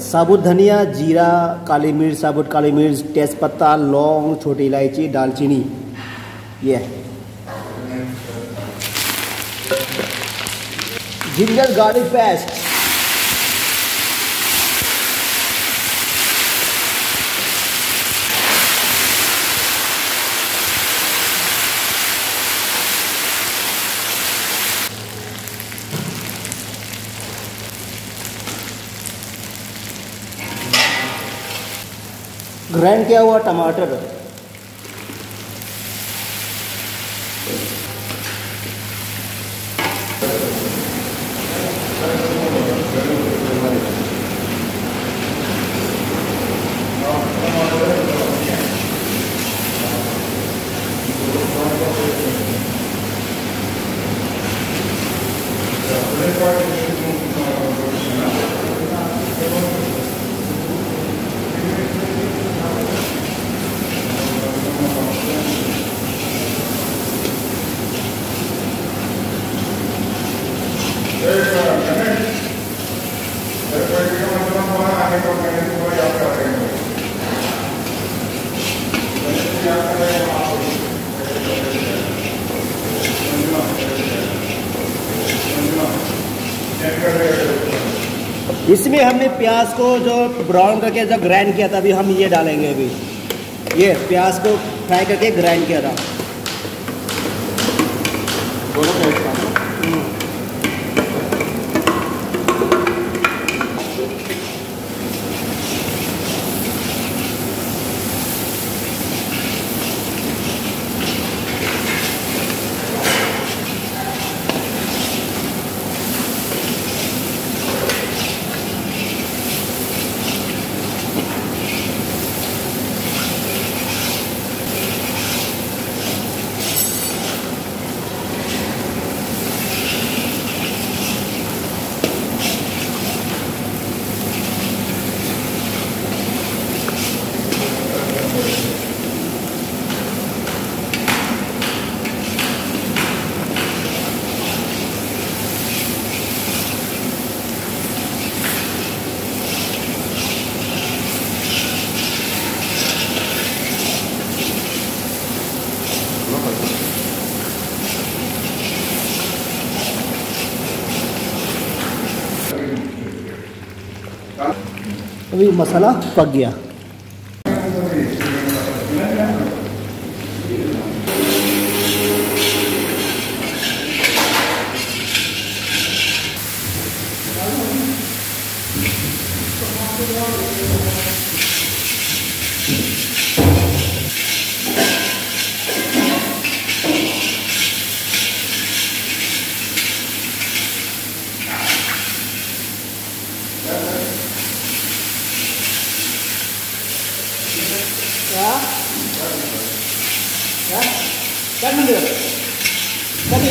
साबुत धनिया जीरा काली मिर्च साबुत काली मिर्च तेज़पत्ता लौंग छोटी इलायची दालचीनी ये जिंजर गार्लिक पेस्ट ग्रैंड किया हुआ टमाटर Thank you. इसमें हमने प्याज को जो ब्राउन करके जब ग्राइंड किया था अभी हम ये डालेंगे अभी ये प्याज को फ्राई करके ग्राइंड किया था अभी मसाला पक गया Thank you. 呀！呀！怎么没得？怎么的？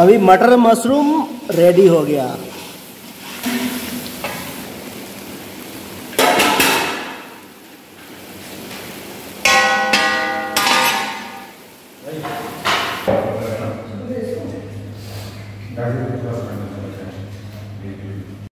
अभी मटर मशरूम रेडी हो गया